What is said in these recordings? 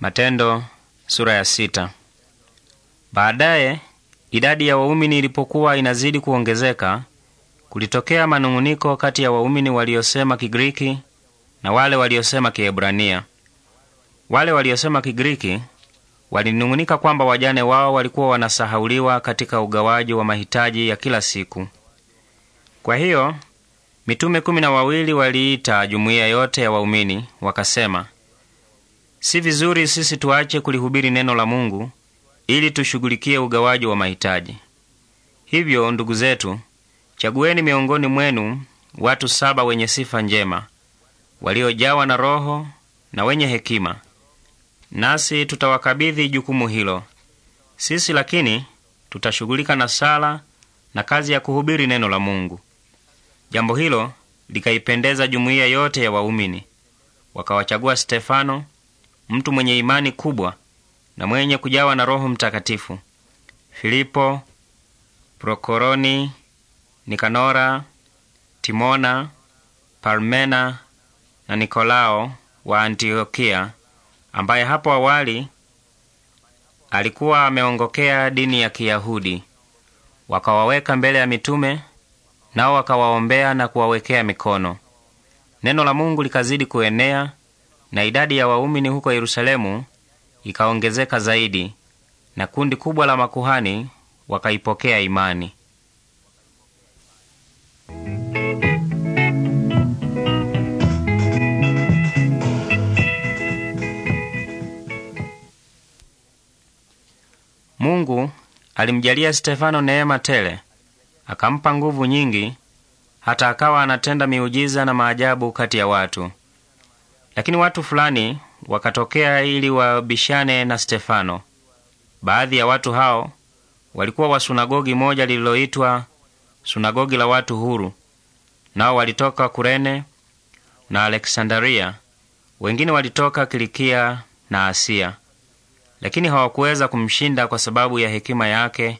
Matendo sura ya sita. Baadaye idadi ya waumini ilipokuwa inazidi kuongezeka, kulitokea manung'uniko kati ya waumini waliosema Kigiriki na wale waliosema Kiebrania. Wale waliosema Kigiriki walinung'unika kwamba wajane wao walikuwa wanasahauliwa katika ugawaji wa mahitaji ya kila siku. Kwa hiyo mitume kumi na wawili waliita jumuiya yote ya waumini wakasema, Si vizuri sisi tuache kulihubiri neno la Mungu ili tushughulikie ugawaji wa mahitaji. Hivyo ndugu zetu, chagueni miongoni mwenu watu saba wenye sifa njema, waliojawa na Roho na wenye hekima, nasi tutawakabidhi jukumu hilo. Sisi lakini tutashughulika na sala na kazi ya kuhubiri neno la Mungu. Jambo hilo likaipendeza jumuiya yote ya waumini, wakawachagua Stefano mtu mwenye imani kubwa na mwenye kujawa na Roho Mtakatifu. Filipo, Prokoroni, Nikanora, Timona, Parmena na Nikolao wa Antiokia, ambaye hapo awali alikuwa ameongokea dini ya Kiyahudi, wakawaweka mbele ya mitume, nao wakawaombea na kuwawekea mikono. Neno la Mungu likazidi kuenea na idadi ya waumini huko Yerusalemu ikaongezeka zaidi, na kundi kubwa la makuhani wakaipokea imani. Mungu alimjalia Stefano neema tele, akampa nguvu nyingi, hata akawa anatenda miujiza na maajabu kati ya watu. Lakini watu fulani wakatokea ili wabishane na Stefano. Baadhi ya watu hao walikuwa wa sunagogi moja lililoitwa sunagogi la watu huru, nao walitoka Kurene na Aleksandaria, wengine walitoka Kilikia na Asia. Lakini hawakuweza kumshinda kwa sababu ya hekima yake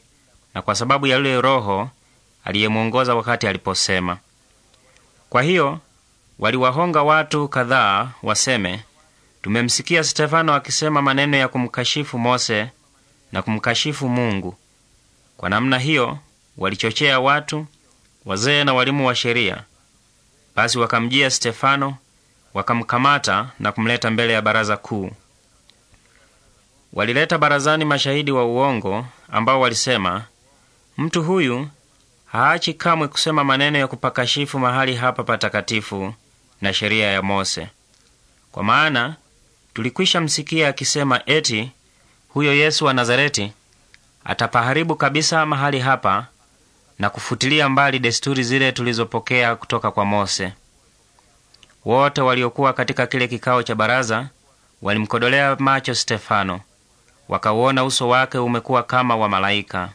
na kwa sababu ya yule Roho aliyemwongoza wakati aliposema. Kwa hiyo waliwahonga watu kadhaa waseme, tumemsikia Stefano akisema maneno ya kumkashifu Mose na kumkashifu Mungu. Kwa namna hiyo walichochea watu, wazee na walimu wa sheria. Basi wakamjia Stefano, wakamkamata na kumleta mbele ya baraza kuu. Walileta barazani mashahidi wa uongo ambao walisema, mtu huyu haachi kamwe kusema maneno ya kupakashifu mahali hapa patakatifu na sheria ya Mose. Kwa maana tulikwisha msikia akisema eti huyo Yesu wa Nazareti atapaharibu kabisa mahali hapa na kufutilia mbali desturi zile tulizopokea kutoka kwa Mose. Wote waliokuwa katika kile kikao cha baraza walimkodolea macho Stefano, wakauona uso wake umekuwa kama wa malaika.